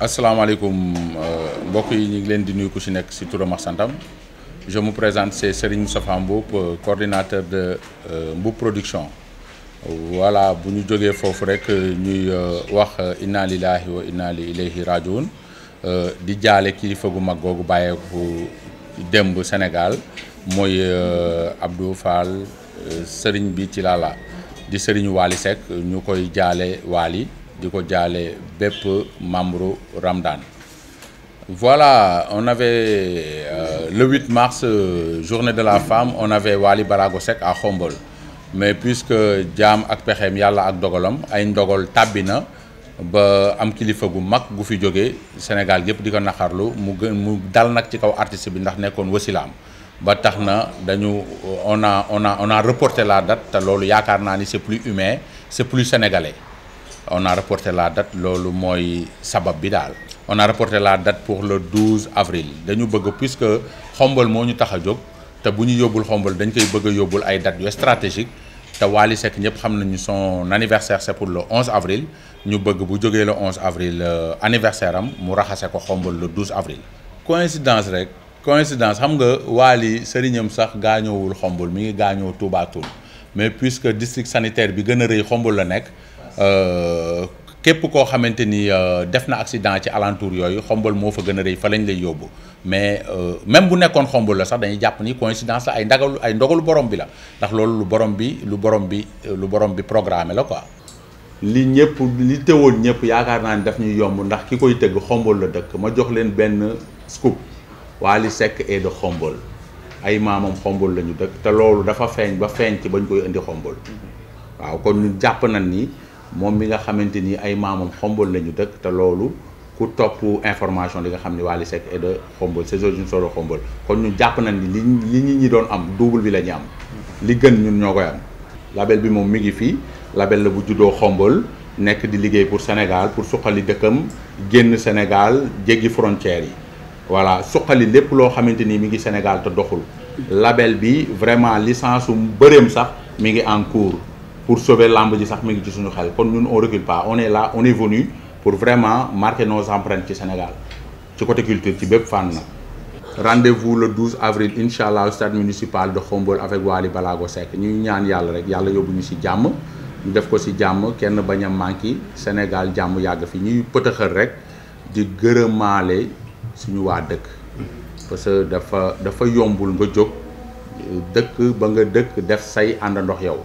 asalaamaaleykum euh, mbokk yi ñu ngi leen di nuyu ku ci nekk ci turam santam je me présente c'est Serigne Moustapha Mboup euh, coordinateur de euh, Mboup Production voilà bu ñu jógee foofu rek ñuy wax inna lillahi wa inna ilayhi rajiun di jaale kilifa gu mag googu bàyyeeku démb Sénégal mooy Abdou Fall Serigne bi ci lala di Serigne Waly Seck ñu koy jaale Diko ko Bep, Mamrou, Ramdan voilà on avait euh, le 8 mars euh, journée de la femme on avait Wali Baragosek à Khombol. mais puisque ...Diam ak pexeem Yalla ak Dogolom, ay ndogal tàbbi na ba am kilifa gu mak gu fi jógee Sénégal yëpp diko naxarlu mu dal nak ci kaw artiste bi ndax nekkoon wasilam ba taxna dañu on a on a on a reporté la date Alors, lolu yakarna ni c'est plus humain c'est plus sénégalais on a reporté la date loolu moy sabab bi dal on a reporté la date pour le 12 avril dañu bëgg puisque xombal moñu ñu tax a jóg te bu xombal dañ koy bëgg yobul ay date yo stratégique té wali Seck ñëpp xam nañu son anniversaire c'est pour le 11 avril ñu bëgg bu joggé le 11 avril euh, anniversaire am mu raxase ko xombal le 12 avril coïncidence rek coïncidence xam nga wali sëriñam sax wul xombal mi ngi gaañoo Touba Toul mais puisque district sanitaire bi gëna reuy xombal la nekk Euh, képp koo xamante ni euh, def na accident ci alentour yooyu xombal moo fa gën a rëy fa lañ lay yóbbu mais euh, même bu nekkoon xombal la sax dañuy jàpp ni coïncidence la ay ndagalu ay ndogalu borom bi la ndax loolu lu borom bi lu borom bi lu borom bi programmé la ko li ñëpp li teewoon ñëpp yaakaar naa ni daf ñuy yomb ndax ki koy tëgg xombal la dëkk ma jox leen benn scoop Wally Seck et de xombal ay maamam xombal la ñu dëkk te loolu dafa feeñ ba feeñ ci bañ koy indi xombal mm-hmm. waaw kon jàpp nañ ni. moom mi nga xamante ni ay maamam xombol la ñu dëkk te loolu ku topp information li nga xam ni Wally Seck est de xombol ses origines sont de xombol kon ñu jàpp nañ ni li ñi ñi doon am double bi la ñu am li gën ñun ñoo koy am label bi moom mi ngi fii label la bu juddoo xombol nekk di liggéey pour Sénégal pour suqali dëkkam génn Sénégal jéggi frontières yi voilà suqali lépp loo xamante ni mi ngi Sénégal te doxul label bi vraiment licence um bëreem sax mi ngi en cours pour sauver l'âme de sax on recule pas on est là on est venu pour vraiment marquer nos empreintes au Sénégal le côté culture rendez-vous le 12 avril Inch'Allah, au stade municipal de Khombol avec Wali Balago nous ñuy ñaan rek ñu ñu def ko kenn Sénégal fi ñuy rek di suñu parce que dafa dafa yombul nga ba nga Nous def say yow.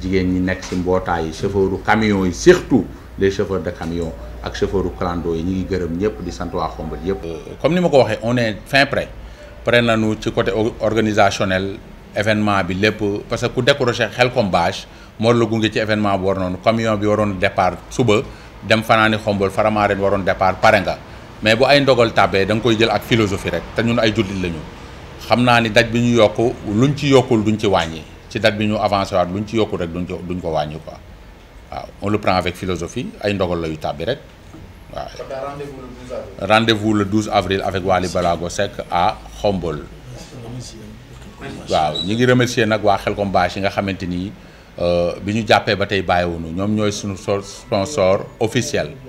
jigéen ñi nekk ci mbootaay yi chauffeuru camion yi surtout les chauffeurs de camion ak chauffeuru clando yi ñu ngi gërëm ñëpp di sant waa Xombal yëpp. comme ni ma ko waxee on est fin prêt prêt nañu ci côté organisationnel événement bi lépp parce que ku décroché Xelcom Bâche moo la gunge ci événement bi war noonu camion bi waroon départ suba dem fanaani Xombal Faramareen waroon départ pare nga mais bu ay ndogal tàbbee danga koy jël ak philosophie rek te ñun ay jullit lañu xam naa ni daj bi ñu yokk luñ ci yokkul duñ ci wàññi. ci date bi ñu avancé waat lu ñu ci yokku rek duñ ko duñ quoi waaw on le prend avec philosophie ay ndogal la yu tàbbi rek waaw. rendez-vous le 12 avril. avec Waly Balago Seck à Xombol. waaw ñi ngi remercier nag waa Xelcom Bache yi nga xamante ni euh, bi ñu jàppee ba tey bàyyiwunu ñoom ñooy suñu sponsor officiel.